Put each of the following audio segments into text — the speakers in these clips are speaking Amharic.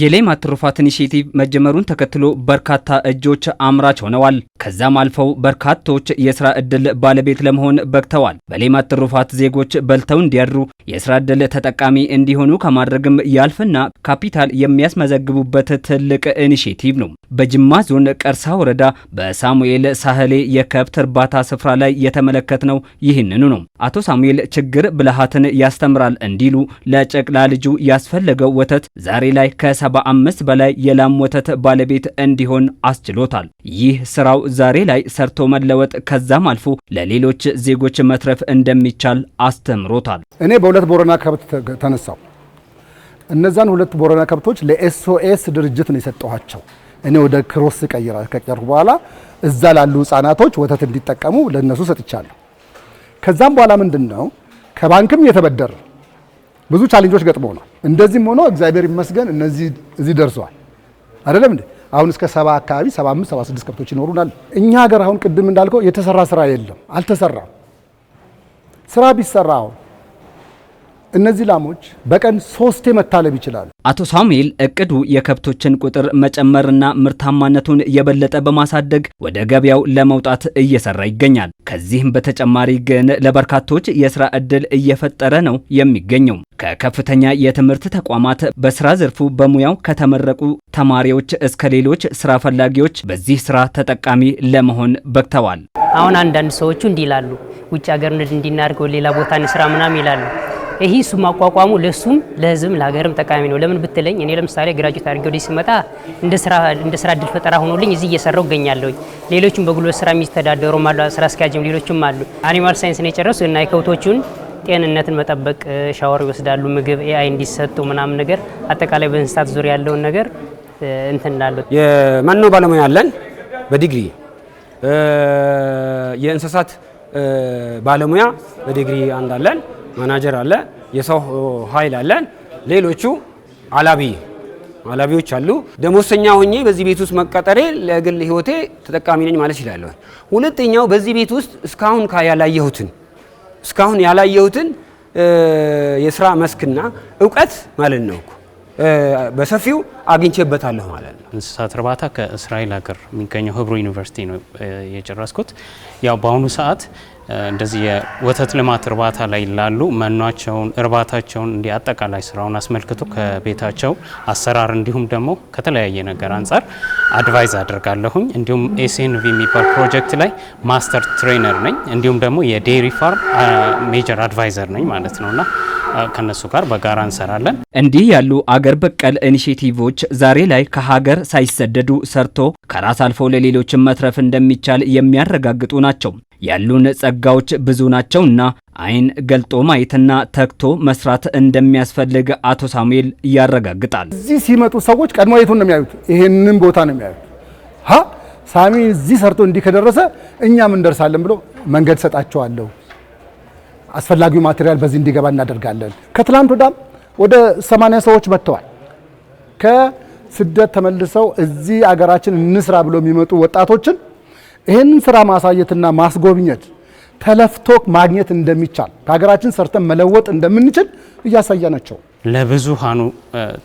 የሌማት ትሩፋት ኢኒሽቲቭ መጀመሩን ተከትሎ በርካታ እጆች አምራች ሆነዋል። ከዛም አልፈው በርካቶች የስራ እድል ባለቤት ለመሆን በግተዋል። በሌማት ትሩፋት ዜጎች በልተው እንዲያድሩ የስራ እድል ተጠቃሚ እንዲሆኑ ከማድረግም ያልፍና ካፒታል የሚያስመዘግቡበት ትልቅ ኢኒሽቲቭ ነው። በጅማ ዞን ቀርሳ ወረዳ በሳሙኤል ሳህሌ የከብት እርባታ ስፍራ ላይ የተመለከትነው ይህንኑ ነው። አቶ ሳሙኤል ችግር ብልሃትን ያስተምራል እንዲሉ ለጨቅላ ልጁ ያስፈለገው ወተት ዛሬ ላይ ከ 75 በላይ የላም ወተት ባለቤት እንዲሆን አስችሎታል። ይህ ስራው ዛሬ ላይ ሰርቶ መለወጥ ከዛም አልፎ ለሌሎች ዜጎች መትረፍ እንደሚቻል አስተምሮታል። እኔ በሁለት ቦረና ከብት ተነሳው። እነዛን ሁለት ቦረና ከብቶች ለኤስኦኤስ ድርጅት ነው የሰጠኋቸው። እኔ ወደ ክሮስ ቀይራ በኋላ እዛ ላሉ ህጻናቶች ወተት እንዲጠቀሙ ለነሱ ሰጥቻለሁ። ከዛም በኋላ ምንድን ነው ከባንክም የተበደረ ብዙ ቻሌንጆች ነው። እንደዚህም ሆኖ እግዚአብሔር ይመስገን እነዚህ እዚህ ደርሰዋል። አይደለም እንዴ? አሁን እስከ ሰባ አካባቢ ሰባ አምስት ሰባ ስድስት ከብቶች ይኖሩናል። እኛ ሀገር አሁን ቅድም እንዳልከው የተሰራ ስራ የለም፣ አልተሰራም። ስራ ቢሰራ አሁን እነዚህ ላሞች በቀን ሶስቴ መታለብ ይችላሉ። አቶ ሳሙኤል እቅዱ የከብቶችን ቁጥር መጨመርና ምርታማነቱን የበለጠ በማሳደግ ወደ ገበያው ለመውጣት እየሰራ ይገኛል። ከዚህም በተጨማሪ ግን ለበርካቶች የስራ ዕድል እየፈጠረ ነው የሚገኘው። ከከፍተኛ የትምህርት ተቋማት በስራ ዘርፉ በሙያው ከተመረቁ ተማሪዎች እስከ ሌሎች ስራ ፈላጊዎች በዚህ ስራ ተጠቃሚ ለመሆን በቅተዋል። አሁን አንዳንድ ሰዎቹ እንዲህ ይላሉ፣ ውጭ ሀገር ንድ እንዲናርገው ሌላ ቦታ ስራ ምናም ይላሉ። ይህ እሱ ማቋቋሙ ለሱም ለህዝብም ለሀገርም ጠቃሚ ነው። ለምን ብትለኝ እኔ ለምሳሌ ግራጁዌት አድርጌ ወዲህ ስመጣ እንደ ስራ እድል ፈጠራ ሆኖልኝ እዚህ እየሰራው እገኛለሁኝ። ሌሎችም በጉልበት ስራ የሚስተዳደሩም አሉ፣ ስራ አስኪያጅም ሌሎችም አሉ። አኒማል ሳይንስ ነው የጨረሱ እና የከብቶቹን ጤንነትን መጠበቅ ሻወር ይወስዳሉ፣ ምግብ ኤአይ እንዲሰጡ ምናምን ነገር አጠቃላይ በእንስሳት ዙሪያ ያለውን ነገር እንትን ላሉት የመኖ ባለሙያ አለን በዲግሪ የእንስሳት ባለሙያ በዲግሪ አንድ አለን፣ ማናጀር አለ፣ የሰው ኃይል አለን። ሌሎቹ አላቢ አላቢዎች አሉ። ደሞዝተኛ ሆኜ በዚህ ቤት ውስጥ መቀጠሬ ለግል ሕይወቴ ተጠቃሚ ነኝ ማለት ይችላለሁ። ሁለተኛው በዚህ ቤት ውስጥ እስካሁን ካያላየሁትን። እስካሁን ያላየሁትን የስራ መስክና እውቀት ማለት ነው እኮ በሰፊው አግኝቼበታለሁ ማለት ነው። እንስሳት እርባታ ከእስራኤል ሀገር የሚገኘው ህብሮ ዩኒቨርሲቲ ነው የጨረስኩት። ያው በአሁኑ ሰዓት እንደዚህ የወተት ልማት እርባታ ላይ ላሉ መኗቸውን፣ እርባታቸውን እንዲ አጠቃላይ ስራውን አስመልክቶ ከቤታቸው አሰራር እንዲሁም ደግሞ ከተለያየ ነገር አንጻር አድቫይዝ አድርጋለሁኝ። እንዲሁም ኤስኤንቪ የሚባል ፕሮጀክት ላይ ማስተር ትሬነር ነኝ። እንዲሁም ደግሞ የዴሪ ፋርም ሜጀር አድቫይዘር ነኝ ማለት ነውና ከነሱ ጋር በጋራ እንሰራለን። እንዲህ ያሉ አገር በቀል ኢኒሼቲቮች ዛሬ ላይ ከሀገር ሳይሰደዱ ሰርቶ ከራስ አልፎ ለሌሎችን መትረፍ እንደሚቻል የሚያረጋግጡ ናቸው። ያሉን ጸጋዎች ብዙ ናቸውና አይን ገልጦ ማየትና ተክቶ መስራት እንደሚያስፈልግ አቶ ሳሙኤል ያረጋግጣል። እዚህ ሲመጡ ሰዎች ቀድሞ የቱን ነው የሚያዩት? ይሄንን ቦታ ነው የሚያዩት። ሳሚ እዚህ ሰርቶ እንዲህ ከደረሰ እኛም እንደርሳለን ብሎ መንገድ ሰጣቸዋለሁ። አስፈላጊው ማቴሪያል በዚህ እንዲገባ እናደርጋለን። ከትላንት ወዳም ወደ 80 ሰዎች መጥተዋል። ከስደት ተመልሰው እዚህ አገራችን እንስራ ብሎ የሚመጡ ወጣቶችን ይህንን ስራ ማሳየትና ማስጎብኘት ተለፍቶ ማግኘት እንደሚቻል ከሀገራችን ሰርተን መለወጥ እንደምንችል እያሳየናቸው ለብዙሃኑ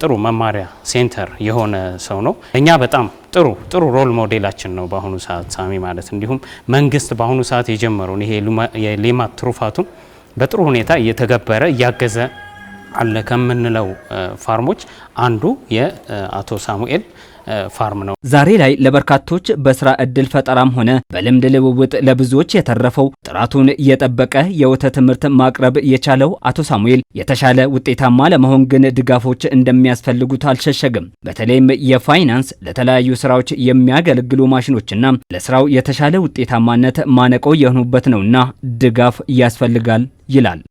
ጥሩ መማሪያ ሴንተር የሆነ ሰው ነው። እኛ በጣም ጥሩ ጥሩ ሮል ሞዴላችን ነው በአሁኑ ሰዓት ሳሚ ማለት እንዲሁም መንግስት በአሁኑ ሰዓት የጀመረውን ይሄ የሌማት ትሩፋቱን በጥሩ ሁኔታ እየተገበረ እያገዘ አለ ከምንለው ፋርሞች አንዱ የአቶ ሳሙኤል ፋርም ነው። ዛሬ ላይ ለበርካቶች በስራ እድል ፈጠራም ሆነ በልምድ ልውውጥ ለብዙዎች የተረፈው ጥራቱን የጠበቀ የወተት ምርት ማቅረብ የቻለው አቶ ሳሙኤል የተሻለ ውጤታማ ለመሆን ግን ድጋፎች እንደሚያስፈልጉት አልሸሸግም። በተለይም የፋይናንስ ለተለያዩ ስራዎች የሚያገለግሉ ማሽኖችና ለስራው የተሻለ ውጤታማነት ማነቆ የሆኑበት ነውና ድጋፍ ያስፈልጋል ይላል።